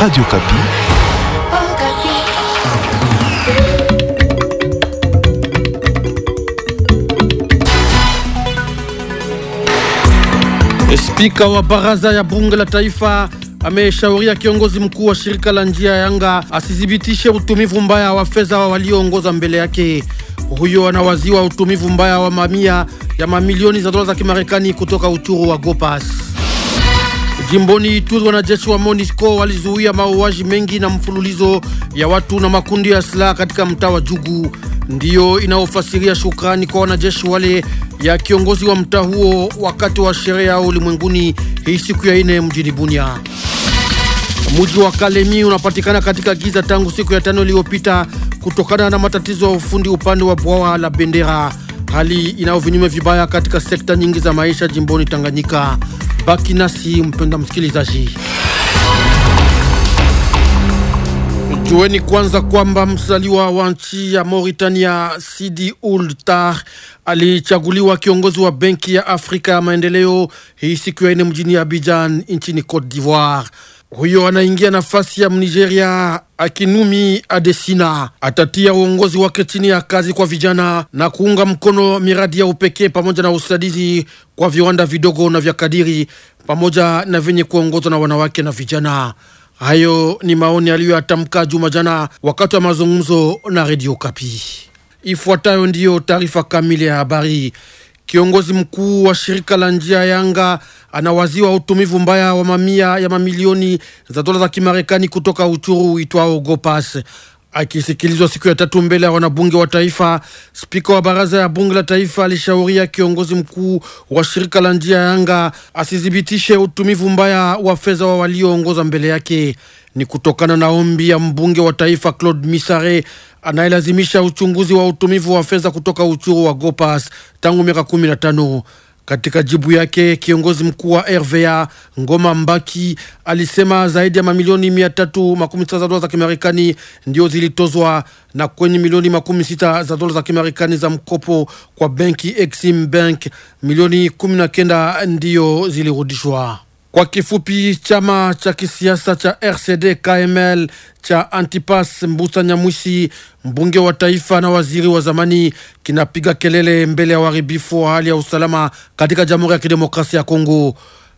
Radio Kapi. Spika wa baraza ya bunge la taifa ameshauria kiongozi mkuu wa shirika la njia ya anga asithibitishe utumivu mbaya wa fedha walioongoza mbele yake. Huyo anawaziwa utumivu mbaya wa mamia ya mamilioni za dola za Kimarekani kutoka uchuru wa Gopas. Jimboni Ituri, wanajeshi wa MONUSCO walizuia mauaji mengi na mfululizo ya watu na makundi ya silaha katika mtaa wa Jugu, ndiyo inaofasiria shukrani kwa wanajeshi wale ya kiongozi wa mtaa huo wakati wa sherehe ya ulimwenguni hii siku ya ine mjini Bunia. Mji wa Kalemi unapatikana katika giza tangu siku ya tano iliyopita kutokana na matatizo ya ufundi upande wa bwawa la Bendera, hali inayovinyume vibaya katika sekta nyingi za maisha jimboni Tanganyika. Baki nasi mpenda msikilizaji. Jueni kwanza kwamba msaliwa wa nchi ya Mauritania Sidi Ould Tah alichaguliwa kiongozi wa Benki ya Afrika ya Maendeleo hii siku ya ine mjini Abidjan nchini Cote d'Ivoire. Huyo anaingia nafasi ya Mnigeria Akinumi Adesina atatia uongozi wake chini ya kazi kwa vijana na kuunga mkono miradi ya upekee pamoja na usaidizi kwa viwanda vidogo na vya kadiri pamoja na vyenye kuongozwa na wanawake na vijana. Hayo ni maoni aliyoyatamka juma jana wakati wa mazungumzo na redio Kapi. Ifuatayo ndiyo taarifa kamili ya habari. Kiongozi mkuu wa shirika la njia ya anga anawaziwa utumivu mbaya wa mamia ya mamilioni za dola za Kimarekani kutoka uchuru uitwao Gopas. Akisikilizwa siku ya tatu mbele ya wanabunge wa taifa, spika wa baraza ya bunge la taifa alishauria kiongozi mkuu wa shirika la njia ya anga asithibitishe utumivu mbaya wa fedha wa walioongoza mbele yake. Ni kutokana na ombi ya mbunge wa taifa Claude Misare anayelazimisha uchunguzi wa utumivu wa fedha kutoka uchuru wa Gopas tangu miaka kumi na tano. Katika jibu yake kiongozi mkuu wa RVA Ngoma Mbaki alisema zaidi ya mamilioni mia tatu makumi sita za dola za Kimarekani ndio zilitozwa na kwenye milioni makumi sita za dola za Kimarekani za mkopo kwa benki Exim Bank, milioni kumi na kenda ndiyo zilirudishwa. Kwa kifupi, chama cha kisiasa cha RCD KML cha Antipas Mbusa Nyamwisi, mbunge wa taifa na waziri wa zamani, kinapiga kelele mbele ya uharibifu wa hali ya usalama katika Jamhuri ya Kidemokrasia ya Kongo.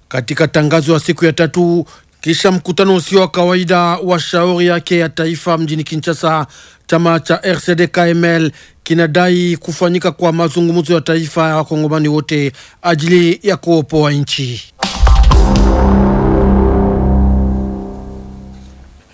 Katika tangazo ya siku ya tatu kisha mkutano usio wa kawaida wa shauri yake ya taifa mjini Kinshasa, chama cha RCD KML kinadai kufanyika kwa mazungumzo ya taifa ya wakongomani wote ajili ya kuopoa nchi.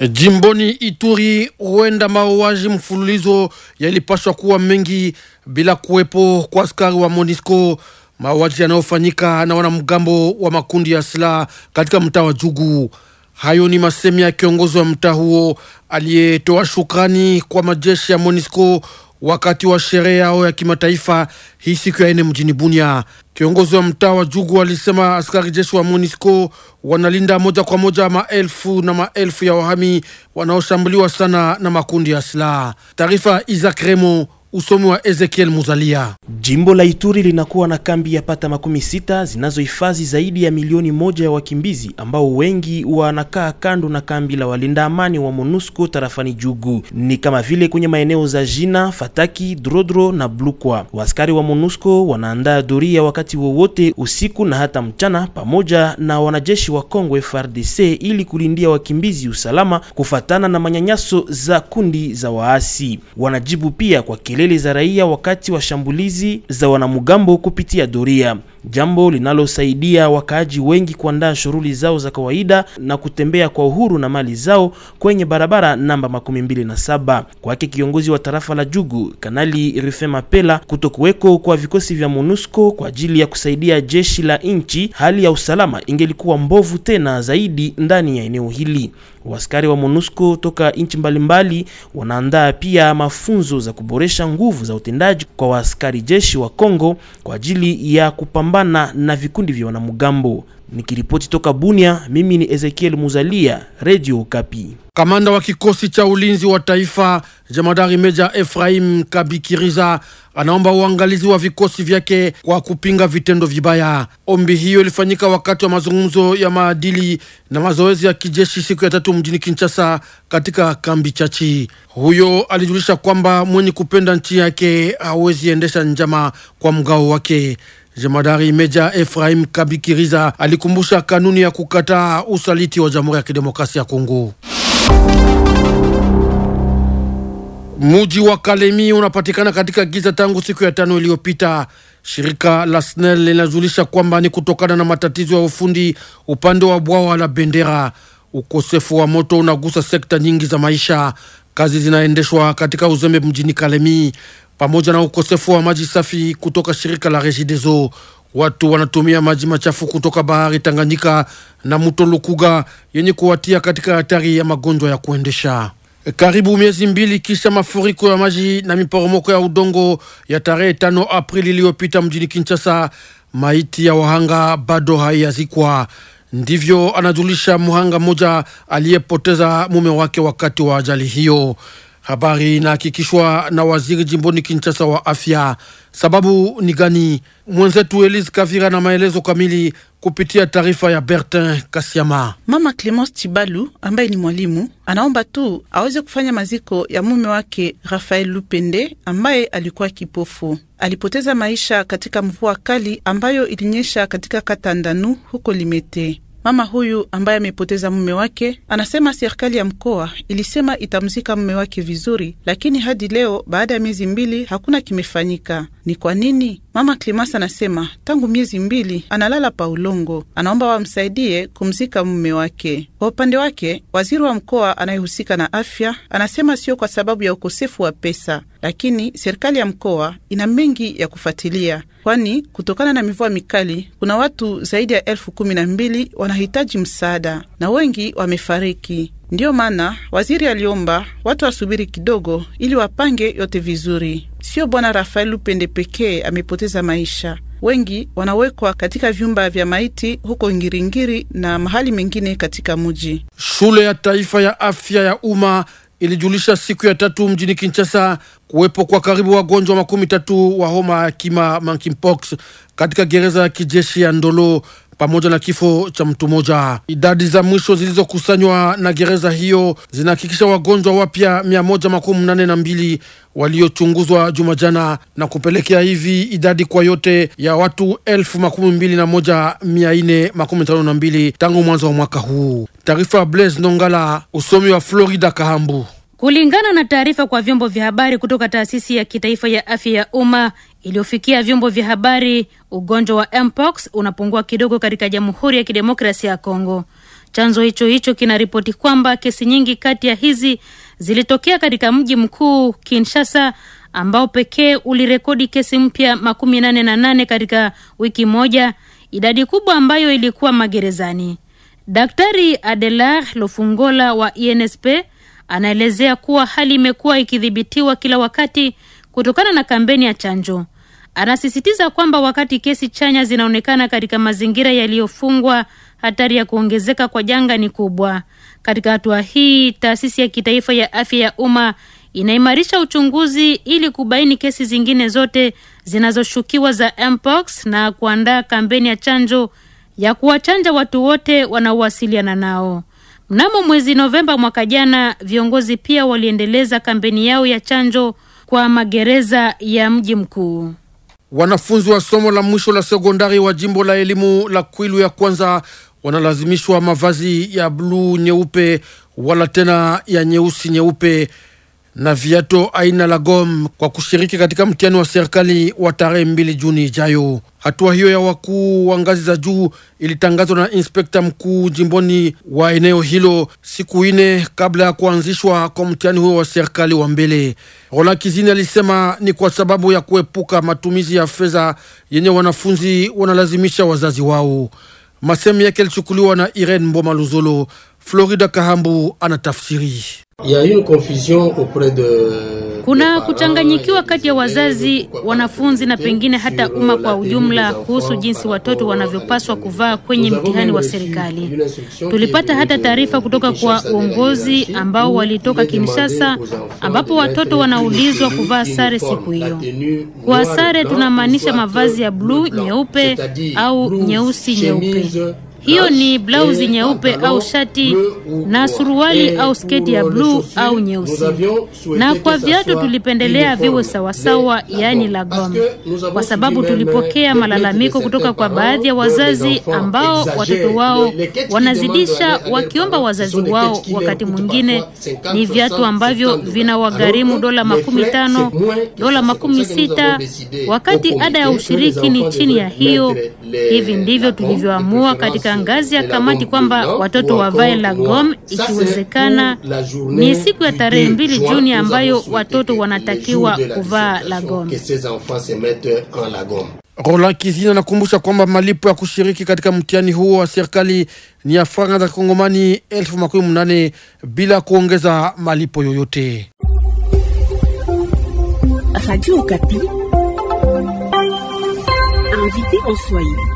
Jimboni Ituri huenda mauaji mfululizo yalipaswa kuwa mengi bila kuwepo kwa askari wa Monisco, mauaji yanayofanyika na wanamgambo wa makundi ya silaha katika mtaa wa Jugu. Hayo ni masemi ya kiongozi wa mtaa huo aliyetoa shukrani kwa majeshi ya Monisco wakati wa sherehe yao ya kimataifa hii siku ya ine mjini Bunia. Kiongozi wa mtaa wa Jugu alisema askari jeshi wa MONUSCO wanalinda moja kwa moja maelfu na maelfu ya wahami wanaoshambuliwa sana na makundi ya silaha. Taarifa Isaac Remo, usomi wa Ezekiel Muzalia. Jimbo la Ituri linakuwa na kambi ya pata makumi sita zinazohifadhi zaidi ya milioni moja ya wakimbizi ambao wengi wanakaa kando na kambi la walinda amani wa MONUSCO tarafani Jugu, ni kama vile kwenye maeneo za Jina, Fataki, Drodro na Blukwa. Waskari wa MONUSCO wanaandaa doria wakati wowote usiku na hata mchana, pamoja na wanajeshi wa Kongo frdc ili kulindia wakimbizi usalama kufatana na manyanyaso za kundi za waasi. Wanajibu pia kwa kelele za raia wakati wa shambulizi za wanamgambo kupitia doria jambo linalosaidia wakaaji wengi kuandaa shughuli zao za kawaida na kutembea kwa uhuru na mali zao kwenye barabara namba makumi mbili na saba. Kwake kiongozi wa tarafa la Jugu, Kanali Rufe Mapela, kutokuweko kwa vikosi vya MONUSCO kwa ajili ya kusaidia jeshi la nchi, hali ya usalama ingelikuwa mbovu tena zaidi ndani ya eneo hili. Waskari wa MONUSCO toka nchi mbalimbali wanaandaa pia mafunzo za kuboresha nguvu za utendaji kwa waskari jeshi wa Kongo kwa ajili ya kupambana kupambana na vikundi vya wanamgambo. Nikiripoti toka Bunia, mimi ni Ezekiel Muzalia, Radio Kapi. Kamanda wa kikosi cha ulinzi wa taifa jemadari meja Efraim Kabikiriza anaomba uangalizi wa vikosi vyake kwa kupinga vitendo vibaya. Ombi hiyo ilifanyika wakati wa mazungumzo ya maadili na mazoezi ya kijeshi siku ya tatu mjini Kinshasa katika kambi Chachi. Huyo alijulisha kwamba mwenye kupenda nchi yake hawezi endesha njama kwa mgao wake. Jemadari Meja efrahim Kabikiriza alikumbusha kanuni ya kukataa usaliti wa Jamhuri ya Kidemokrasia ya Kongo. Muji wa Kalemi unapatikana katika giza tangu siku ya tano iliyopita. Shirika la SNEL linajulisha kwamba ni kutokana na matatizo ya ufundi upande wa bwawa la Bendera. Ukosefu wa moto unagusa sekta nyingi za maisha. Kazi zinaendeshwa katika uzembe mjini Kalemi pamoja na ukosefu wa maji safi kutoka shirika la Regideso. Watu wanatumia maji machafu kutoka bahari Tanganyika na mto Lukuga yenye kuwatia katika hatari ya magonjwa ya kuendesha. Karibu miezi mbili kisha mafuriko ya maji na miporomoko ya udongo ya tarehe tano Aprili iliyopita mjini Kinshasa, maiti ya wahanga bado haiyazikwa. Ndivyo anajulisha mhanga mmoja aliyepoteza mume wake wakati wa ajali hiyo. Habari inahakikishwa na waziri jimboni Kinshasa wa afya. Sababu ni gani? Mwenzetu Elise Kavira na maelezo kamili kupitia taarifa ya Bertin Kasiama. Mama Clemence Chibalu ambaye ni mwalimu anaomba tu aweze kufanya maziko ya mume wake Rafael Lupende ambaye alikuwa kipofu. Alipoteza maisha katika mvua kali ambayo ilinyesha katika kata Ndanu huko Limete. Mama huyu ambaye amepoteza mume wake anasema serikali ya mkoa ilisema itamzika mume wake vizuri, lakini hadi leo, baada ya miezi mbili, hakuna kimefanyika. Ni kwa nini? Mama Klimas anasema tangu miezi mbili analala pa ulongo, anaomba wamsaidie kumzika mume wake. Kwa upande wake, waziri wa mkoa anayehusika na afya anasema sio kwa sababu ya ukosefu wa pesa, lakini serikali ya mkoa ina mengi ya kufuatilia, kwani kutokana na mivua mikali kuna watu zaidi ya elfu kumi na mbili wanahitaji msaada na wengi wamefariki. Ndiyo maana waziri aliomba watu wasubiri kidogo ili wapange yote vizuri. Sio bwana Rafael Lupende pekee amepoteza maisha, wengi wanawekwa katika vyumba vya maiti huko Ngiringiri na mahali mengine katika muji. Shule ya taifa ya afya ya umma ilijulisha siku ya tatu mjini Kinshasa kuwepo kwa karibu wagonjwa makumi tatu wa homa ya kima monkeypox katika gereza ya kijeshi ya Ndolo pamoja na kifo cha mtu mmoja. Idadi za mwisho zilizokusanywa na gereza hiyo zinahakikisha wagonjwa wapya mia moja makumi nane na mbili waliochunguzwa Jumajana na kupelekea hivi idadi kwa yote ya watu elfu makumi mbili na moja mia nne makumi tano na mbili tangu mwanzo wa mwaka huu. Taarifa ya Blaise Nongala, usomi wa Florida Kahambu. Kulingana na taarifa kwa vyombo vya habari kutoka taasisi ya kitaifa ya afya ya umma iliyofikia vyombo vya habari, ugonjwa wa mpox unapungua kidogo katika Jamhuri ya Kidemokrasia ya Kongo. Chanzo hicho hicho kinaripoti kwamba kesi nyingi kati ya hizi zilitokea katika mji mkuu Kinshasa, ambao pekee ulirekodi kesi mpya makumi nane na nane katika wiki moja, idadi kubwa ambayo ilikuwa magerezani. Daktari Adelar Lofungola wa INSP Anaelezea kuwa hali imekuwa ikidhibitiwa kila wakati kutokana na kampeni ya chanjo. Anasisitiza kwamba wakati kesi chanya zinaonekana katika mazingira yaliyofungwa, hatari ya kuongezeka kwa janga ni kubwa. Katika hatua hii, taasisi ya kitaifa ya afya ya umma inaimarisha uchunguzi ili kubaini kesi zingine zote zinazoshukiwa za mpox na kuandaa kampeni ya chanjo ya kuwachanja watu wote wanaowasiliana nao. Mnamo mwezi Novemba mwaka jana, viongozi pia waliendeleza kampeni yao ya chanjo kwa magereza ya mji mkuu. Wanafunzi wa somo la mwisho la sekondari wa jimbo la elimu la Kwilu ya kwanza wanalazimishwa mavazi ya bluu nyeupe wala tena ya nyeusi nyeupe na viato aina la gom kwa kushiriki katika mtihani wa serikali wa tarehe mbili Juni ijayo. Hatua hiyo ya wakuu wa ngazi za juu ilitangazwa na inspekta mkuu jimboni wa eneo hilo siku ine kabla ya kuanzishwa kwa mtihani huo wa serikali wa mbele. Rola Kizini alisema ni kwa sababu ya kuepuka matumizi ya fedha yenye wanafunzi wanalazimisha wazazi wao. masemu yake yalichukuliwa na Irene Mboma Luzolo Florida Kahambu anatafsiri. Kuna kuchanganyikiwa kati ya wazazi, wanafunzi na pengine hata umma kwa ujumla kuhusu jinsi watoto wanavyopaswa kuvaa kwenye mtihani wa serikali. Tulipata hata taarifa kutoka kwa uongozi ambao walitoka Kinshasa ambapo watoto wanaulizwa kuvaa sare siku hiyo. Kwa sare tunamaanisha mavazi ya bluu nyeupe au nyeusi nyeupe. Hiyo ni blausi nyeupe au shati na suruali au sketi ya bluu au nyeusi. Na kwa viatu tulipendelea viwe sawasawa, yaani gome, kwa sababu tulipokea malalamiko kutoka kwa baadhi ya wazazi ambao watoto wao wanazidisha, wakiomba wazazi wao wakati mwingine ni viatu ambavyo vinawagharimu dola makumi tano, dola makumi sita, wakati ada ya ushiriki ni chini ya hiyo. Hivi ndivyo tulivyoamua katika ngazi ya kamati kwamba watoto wavae la gom ikiwezekana. Ni siku ya tarehe mbili Juni ambayo watoto wanatakiwa kuvaa la gom. Rola Kizina anakumbusha kwamba malipo ya kushiriki katika mtihani huo wa serikali ni ya faranga za kongomani elfu makumi mnane bila kuongeza malipo yoyote. Radio Okapi, invité en Swahili.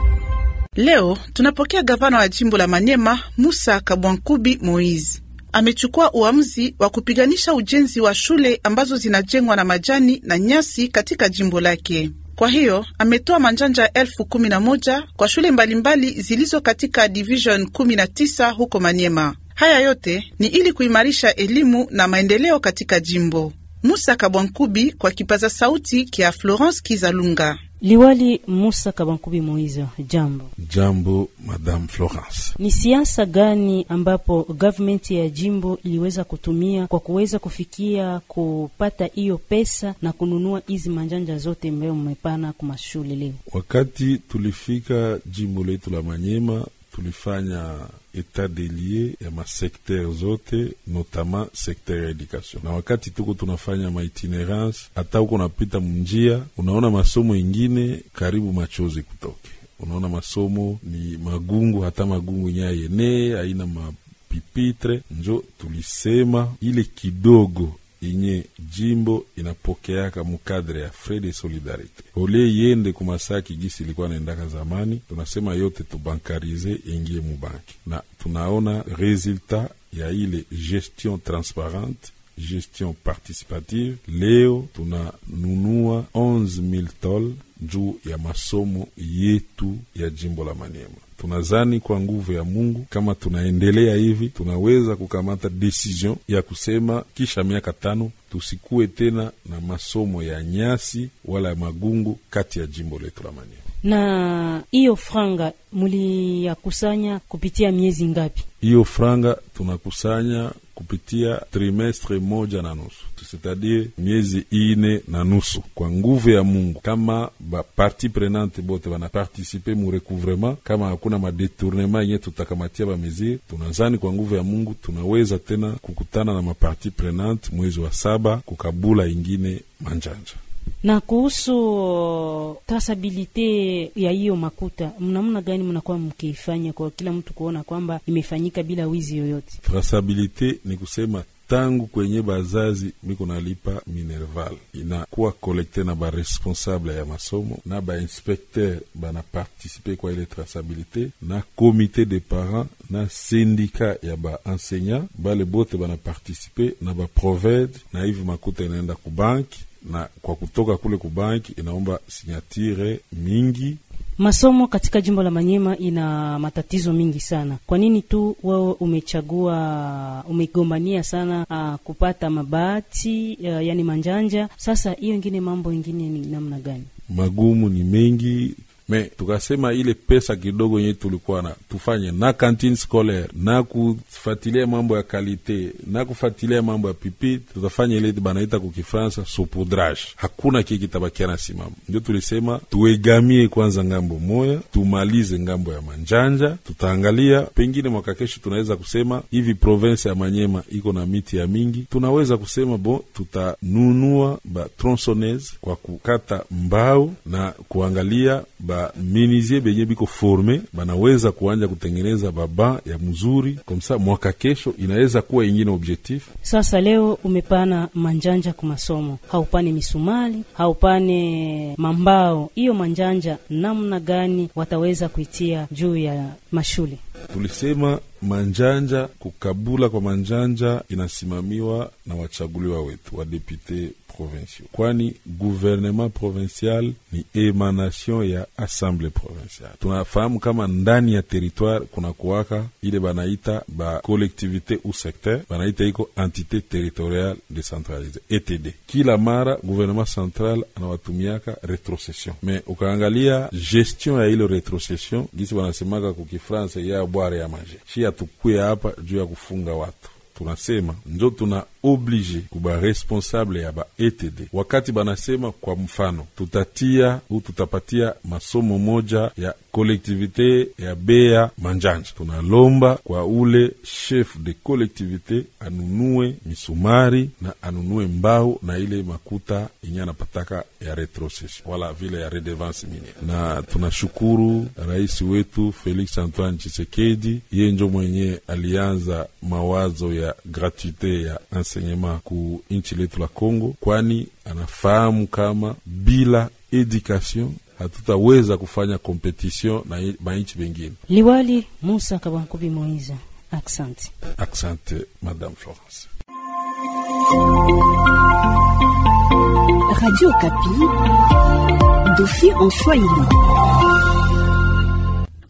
Leo tunapokea gavana wa jimbo la Manyema Musa Kabwankubi moise amechukua uamuzi wa kupiganisha ujenzi wa shule ambazo zinajengwa na majani na nyasi katika jimbo lake. Kwa hiyo ametoa manjanja elfu kumi na moja kwa shule mbalimbali zilizo katika division 19 huko Manyema. Haya yote ni ili kuimarisha elimu na maendeleo katika jimbo. Musa Kabwankubi kwa kipaza sauti kya Florence Kizalunga. Liwali Musa Kabankubi Moiza, jambo. Jambo Madame Florence. Ni siasa gani ambapo government ya jimbo iliweza kutumia kwa kuweza kufikia kupata hiyo pesa na kununua hizi manjanja zote ambayo mmepana mashule leo? Wakati tulifika jimbo letu la Manyema tulifanya Etat delie ya masekter zote notamment sekter ya edukasyon. Na wakati tuko tunafanya maitinerance, hata uko napita munjia, unaona masomo ingine karibu machozi kutoke, unaona masomo ni magungu, hata magungu nyayenee haina mapipitre. Njo tulisema ile kidogo yenye jimbo inapokeaka mukadre ya frede solidarite ole yende kumasaki gisi ilikuwa naendaka zamani. Tunasema yote tubankarize ingie mubanki, na tunaona resultat ya ile gestion transparente gestion participative. Leo tunanunua 11000 tol juu ya masomo yetu ya jimbo la Maniema. Tunazani kwa nguvu ya Mungu, kama tunaendelea hivi, tunaweza kukamata decision ya kusema kisha miaka tano tusikue tena na masomo ya nyasi wala ya magungu kati ya jimbo letu la Maniema. Na hiyo franga muliyakusanya kupitia miezi ngapi? Hiyo franga tunakusanya kupitia trimestre moja na nusu setadire miezi ine na nusu. Kwa nguvu ya Mungu, kama baparti prenante bote banapartisipe mu kama hakuna madetournema yenye tutakamatia bameziri, tunazani kwa nguvu ya Mungu tunaweza tena kukutana na maparti prenante mwezi wa saba kukabula ingine manjanja. Na kuhusu uh, trasabilite ya hiyo makuta, mnamna gani mnakuwa mkiifanya kwa kila mtu kuona kwamba imefanyika bila wizi yoyote? Trasabilite ni kusema tangu kwenye bazazi miko nalipa Minerval inakuwa kolekte na baresponsable ya masomo na bainspekter banapartisipe kwa ile trasabilite na komite de parents na sindika ya baenseignant bale bote banapartisipe na baprovedre na hivi makuta inaenda kubanki na kwa kutoka kule kubanki inaomba sinyatire mingi. Masomo katika jimbo la Manyema ina matatizo mingi sana. Kwa nini tu wewe umechagua umegombania sana uh, kupata mabati uh, yani manjanja? Sasa hiyo ingine mambo ingine ni namna gani? Magumu ni mengi me tukasema ile pesa kidogo yenye tulikuwa na tufanye na kantin scolaire na kufatilia mambo ya kalite na kufatilia mambo ya pipi, tutafanya ile banaita ku Kifransa saupoudrage. Hakuna kiki kitabakia na simama, ndio tulisema tuegamie kwanza ngambo moya, tumalize ngambo ya manjanja, tutaangalia pengine mwaka kesho tunaweza kusema hivi province ya Manyema iko na miti ya mingi, tunaweza kusema bo, tutanunua ba tronsones kwa kukata mbao na kuangalia ba ba minisie benye biko forme banaweza kuanja kutengeneza baba ya mzuri komsa, mwaka kesho inaweza kuwa ingine objectif. Sasa leo umepana manjanja ku masomo, haupane misumali, haupane mambao, hiyo manjanja namna gani wataweza kuitia juu ya mashule? Tulisema manjanja kukabula kwa manjanja inasimamiwa na wachaguliwa wetu wadepute provinciaux, kwani gouvernement provincial ni emanation ya assemble provinciale Tunafahamu kama ndani ya territoire kuna kuwaka ile banaita ba collectivité ou secteur, banaita iko entité territoriale decentralisée ETD. Kila mara gouvernement central anawatumiaka rétrocession me ukaangalia gestion ya ile retrocession gisi banasemaka kukifransa ya bware ya manje, shi atukuya hapa juu ya kufunga watu, tunasema njo tuna oblige kuba responsable ya ba ETD wakati banasema, kwa mfano tutatia u tutapatia masomo moja ya kolektivite ya bea manjanja, tunalomba kwa ule chef de kolektivite anunue misumari na anunue mbao na ile makuta yenye anapataka ya retrocession wala vile ya redevance miniere. Na tunashukuru rais wetu Felix Antoine Tshisekedi, yeye njo mwenye alianza mawazo ya gratuite ya enseignement ku nchi letu la Kongo, kwani anafahamu kama bila education hatutaweza kufanya competition na mainchi mengine. Liwali Musa Kabankubi Moiza, aksante. Aksante Madame Florence. Radio Kapi, dofi en Swahili.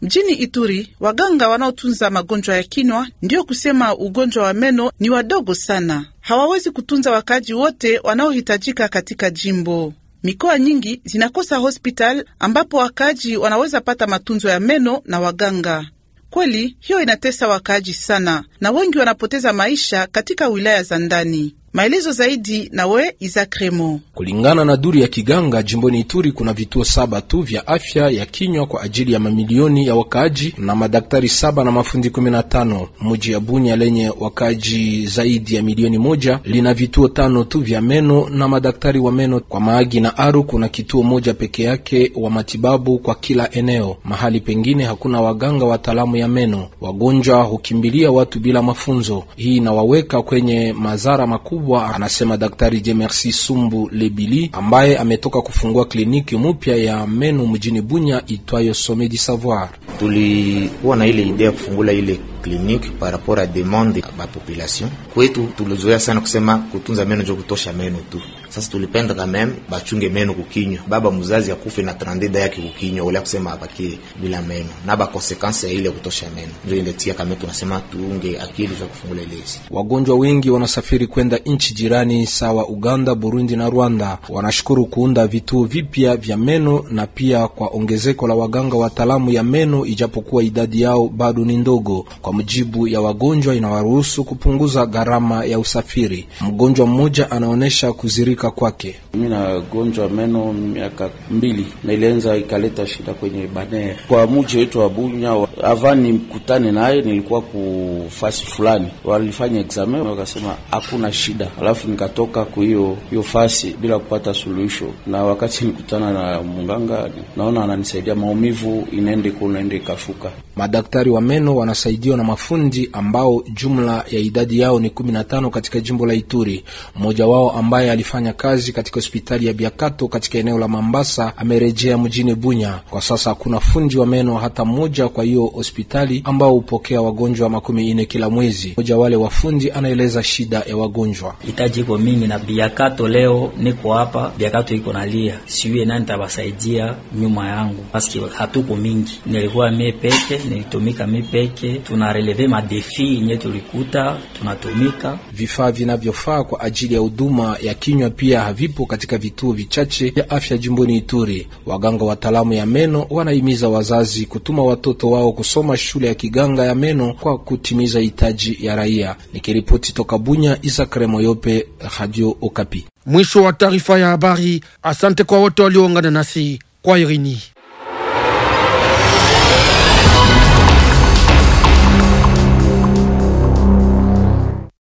Mjini Ituri, waganga wanaotunza magonjwa ya kinywa, ndiyo kusema ugonjwa wa meno, ni wadogo sana, hawawezi kutunza wakaaji wote wanaohitajika katika jimbo. Mikoa nyingi zinakosa hospital ambapo wakaaji wanaweza pata matunzo ya meno na waganga. Kweli hiyo inatesa wakaaji sana, na wengi wanapoteza maisha katika wilaya za ndani. Maelezo zaidi nawe Remo. Kulingana na duru ya kiganga jimboni Ituri, kuna vituo saba tu vya afya ya kinywa kwa ajili ya mamilioni ya wakaaji na madaktari saba na mafundi 15 Mji ya bunya lenye wakaaji zaidi ya milioni moja lina vituo tano tu vya meno na madaktari wa meno. Kwa Maagi na Aru kuna kituo moja peke yake wa matibabu kwa kila eneo. Mahali pengine hakuna waganga wataalamu ya meno. Wagonjwa hukimbilia watu bila mafunzo. Hii inawaweka kwenye madhara makubwa kubwa, anasema Daktari Jemersi Sumbu Lebili ambaye ametoka kufungua kliniki mupya ya meno mjini Bunya itwayo Somedi Savoir. Tulikuwa na ile idea ya kufungula ile kliniki par rapport a demande ba population kwetu. Tulizoea sana kusema kutunza meno jo kutosha meno tu sasa tulipenda kameme bachunge meno kukinywa, baba mzazi akufe na trandeda yake kukinywa, ule akusema abakie bila meno na ba consequence ya ile kutosha meno, ndio tia kama Tunasema tuunge akili za kufungula ilezi. Wagonjwa wengi wanasafiri kwenda nchi jirani sawa Uganda, Burundi na Rwanda. Wanashukuru kuunda vituo vipya vya meno na pia kwa ongezeko la waganga wataalamu ya meno, ijapokuwa idadi yao bado ni ndogo. Kwa mujibu ya wagonjwa, inawaruhusu kupunguza gharama ya usafiri. Mgonjwa mmoja anaonyesha kuzirika kuharibika kwake. Mi nagonjwa meno miaka mbili na ilianza ikaleta shida kwenye banee kwa muji wetu wa Bunya. Avani mkutane naye, nilikuwa kufasi fulani, walifanya exame wakasema hakuna shida, alafu nikatoka ku hiyo hiyo fasi bila kupata suluhisho. Na wakati nikutana na munganga, naona ananisaidia, maumivu inaende kunaende ikashuka. Madaktari wa meno wanasaidiwa na mafundi ambao jumla ya idadi yao ni 15 katika jimbo la Ituri. Mmoja wao ambaye alifanya kazi katika hospitali ya Biakato katika eneo la Mambasa amerejea mjini Bunya. Kwa sasa hakuna fundi wa meno hata mmoja kwa hiyo hospitali ambao hupokea wagonjwa makumi nne kila mwezi. Mmoja wale wafundi anaeleza shida ya wagonjwa. Hitaji iko mingi na Biakato, leo niko hapa Biakato iko nalia, siwe nani tabasaidia nyuma yangu paske hatuko mingi, nilikuwa mie peke nilitumika mi peke, tunareleve madefi yenye tulikuta tunatumika. Vifaa vinavyofaa kwa ajili ya huduma ya kinywa pia havipo katika vituo vichache vya afya jimboni Ituri. Waganga wataalamu ya meno wanahimiza wazazi kutuma watoto wao kusoma shule ya kiganga ya meno kwa kutimiza hitaji ya raia. Nikiripoti toka Bunya, Isakare Moyope, Radio Okapi. Mwisho wa taarifa ya habari. Asante kwa wote walioungana nasi kwa irini.